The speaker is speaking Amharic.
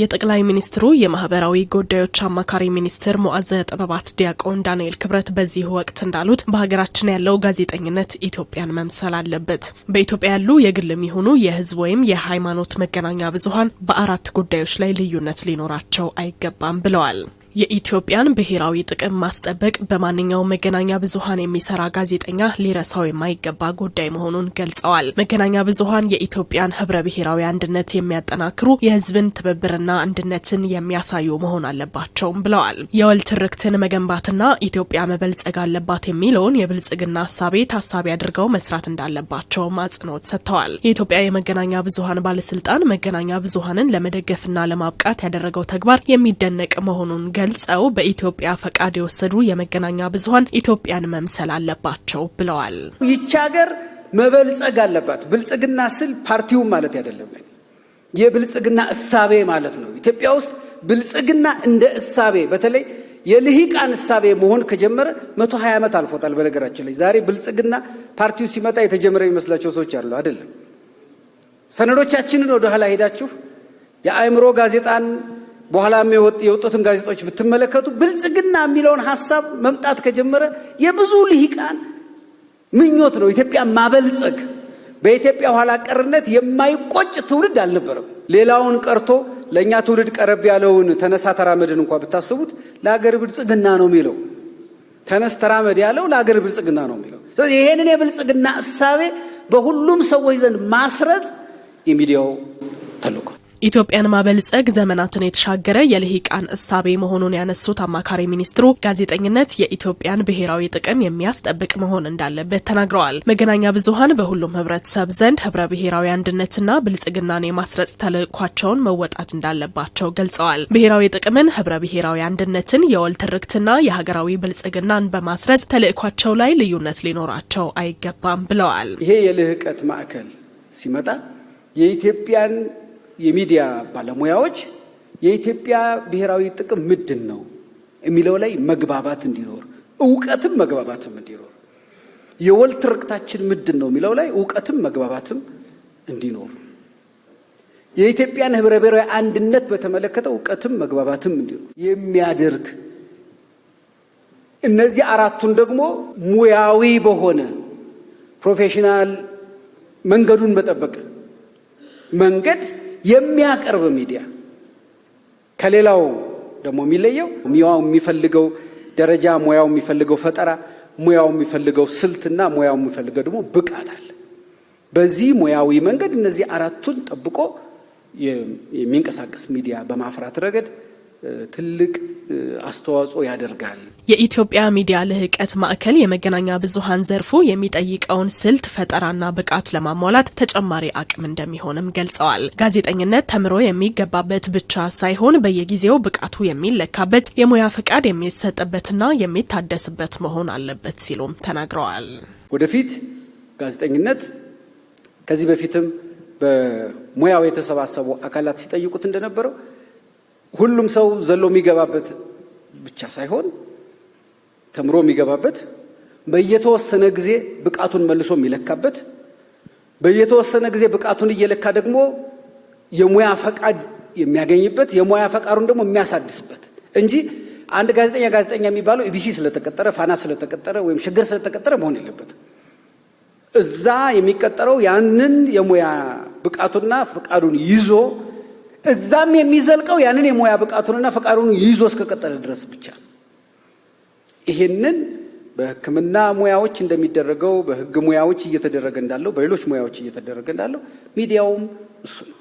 የጠቅላይ ሚኒስትሩ የማህበራዊ ጉዳዮች አማካሪ ሚኒስትር ሞዓዘ ጥበባት ዲያቆን ዳንኤል ክብረት በዚህ ወቅት እንዳሉት በሀገራችን ያለው ጋዜጠኝነት ኢትዮጵያን መምሰል አለበት። በኢትዮጵያ ያሉ የግልም የሚሆኑ የህዝብ ወይም የሃይማኖት መገናኛ ብዙሀን በአራት ጉዳዮች ላይ ልዩነት ሊኖራቸው አይገባም ብለዋል። የኢትዮጵያን ብሔራዊ ጥቅም ማስጠበቅ በማንኛውም መገናኛ ብዙኃን የሚሰራ ጋዜጠኛ ሊረሳው የማይገባ ጉዳይ መሆኑን ገልጸዋል። መገናኛ ብዙኃን የኢትዮጵያን ህብረ ብሔራዊ አንድነት የሚያጠናክሩ የህዝብን ትብብርና አንድነትን የሚያሳዩ መሆን አለባቸውም ብለዋል። የወል ትርክትን መገንባትና ኢትዮጵያ መበልጸግ አለባት የሚለውን የብልጽግና ሀሳቤ ታሳቢ አድርገው መስራት እንዳለባቸውም አጽንኦት ሰጥተዋል። የኢትዮጵያ የመገናኛ ብዙኃን ባለስልጣን መገናኛ ብዙኃንን ለመደገፍና ለማብቃት ያደረገው ተግባር የሚደነቅ መሆኑን ገ ገልጸው በኢትዮጵያ ፈቃድ የወሰዱ የመገናኛ ብዙሀን ኢትዮጵያን መምሰል አለባቸው ብለዋል። ይቺ ሀገር መበልጸግ አለባት። ብልጽግና ስል ፓርቲውን ማለት አይደለም፣ የብልጽግና እሳቤ ማለት ነው። ኢትዮጵያ ውስጥ ብልጽግና እንደ እሳቤ በተለይ የልሂቃን እሳቤ መሆን ከጀመረ መቶ ሀያ ዓመት አልፎታል። በነገራችን ላይ ዛሬ ብልጽግና ፓርቲው ሲመጣ የተጀመረ የሚመስላቸው ሰዎች አሉ። አይደለም። ሰነዶቻችንን ወደ ሄዳችሁ የአእምሮ ጋዜጣን በኋላም የወጡትን ጋዜጦች ብትመለከቱ ብልጽግና የሚለውን ሀሳብ መምጣት ከጀመረ የብዙ ልሂቃን ምኞት ነው። ኢትዮጵያ ማበልጸግ፣ በኢትዮጵያ ኋላ ቀርነት የማይቆጭ ትውልድ አልነበረም። ሌላውን ቀርቶ ለእኛ ትውልድ ቀረብ ያለውን ተነሳ ተራመድን እንኳ ብታስቡት ለአገር ብልጽግና ነው የሚለው። ተነስ ተራመድ ያለው ለአገር ብልጽግና ነው የሚለው። ስለዚህ ይሄንን የብልጽግና እሳቤ በሁሉም ሰዎች ዘንድ ማስረጽ የሚዲያው ተልዕኮ ኢትዮጵያን ማበልጸግ ዘመናትን የተሻገረ የልሂቃን እሳቤ መሆኑን ያነሱት አማካሪ ሚኒስትሩ ጋዜጠኝነት የኢትዮጵያን ብሔራዊ ጥቅም የሚያስጠብቅ መሆን እንዳለበት ተናግረዋል። መገናኛ ብዙኃን በሁሉም ህብረተሰብ ዘንድ ህብረ ብሔራዊ አንድነትና ብልጽግናን የማስረጽ ተልዕኳቸውን መወጣት እንዳለባቸው ገልጸዋል። ብሔራዊ ጥቅምን፣ ህብረ ብሔራዊ አንድነትን፣ የወል ትርክትና የሀገራዊ ብልጽግናን በማስረጽ ተልዕኳቸው ላይ ልዩነት ሊኖራቸው አይገባም ብለዋል። ይሄ የልህቀት ማዕከል ሲመጣ የኢትዮጵያን የሚዲያ ባለሙያዎች የኢትዮጵያ ብሔራዊ ጥቅም ምንድን ነው የሚለው ላይ መግባባት እንዲኖር እውቀትም መግባባትም እንዲኖር የወል ትርክታችን ምንድን ነው የሚለው ላይ እውቀትም መግባባትም እንዲኖር የኢትዮጵያን ህብረ ብሔራዊ አንድነት በተመለከተ እውቀትም መግባባትም እንዲኖር የሚያደርግ እነዚህ አራቱን ደግሞ ሙያዊ በሆነ ፕሮፌሽናል መንገዱን በጠበቀ መንገድ የሚያቀርብ ሚዲያ ከሌላው ደግሞ የሚለየው ሙያው የሚፈልገው ደረጃ፣ ሙያው የሚፈልገው ፈጠራ፣ ሙያው የሚፈልገው ስልትና ሙያው የሚፈልገው ደግሞ ብቃት አለ። በዚህ ሙያዊ መንገድ እነዚህ አራቱን ጠብቆ የሚንቀሳቀስ ሚዲያ በማፍራት ረገድ ትልቅ አስተዋጽኦ ያደርጋል። የኢትዮጵያ ሚዲያ ልህቀት ማዕከል የመገናኛ ብዙሀን ዘርፉ የሚጠይቀውን ስልት ፈጠራና ብቃት ለማሟላት ተጨማሪ አቅም እንደሚሆንም ገልጸዋል። ጋዜጠኝነት ተምሮ የሚገባበት ብቻ ሳይሆን በየጊዜው ብቃቱ የሚለካበት የሙያ ፈቃድ የሚሰጥበትና የሚታደስበት መሆን አለበት ሲሉም ተናግረዋል። ወደፊት ጋዜጠኝነት ከዚህ በፊትም በሙያው የተሰባሰቡ አካላት ሲጠይቁት እንደነበረው ሁሉም ሰው ዘሎ የሚገባበት ብቻ ሳይሆን ተምሮ የሚገባበት በየተወሰነ ጊዜ ብቃቱን መልሶ የሚለካበት በየተወሰነ ጊዜ ብቃቱን እየለካ ደግሞ የሙያ ፈቃድ የሚያገኝበት የሙያ ፈቃዱን ደግሞ የሚያሳድስበት እንጂ አንድ ጋዜጠኛ ጋዜጠኛ የሚባለው ኢቢሲ ስለተቀጠረ ፋና ስለተቀጠረ ወይም ሸገር ስለተቀጠረ መሆን የለበት እዛ የሚቀጠረው ያንን የሙያ ብቃቱና ፈቃዱን ይዞ እዛም የሚዘልቀው ያንን የሙያ ብቃቱንና ፈቃዱን ይዞ እስከቀጠለ ድረስ ብቻ። ይህንን በሕክምና ሙያዎች እንደሚደረገው በሕግ ሙያዎች እየተደረገ እንዳለው በሌሎች ሙያዎች እየተደረገ እንዳለው ሚዲያውም እሱ ነው።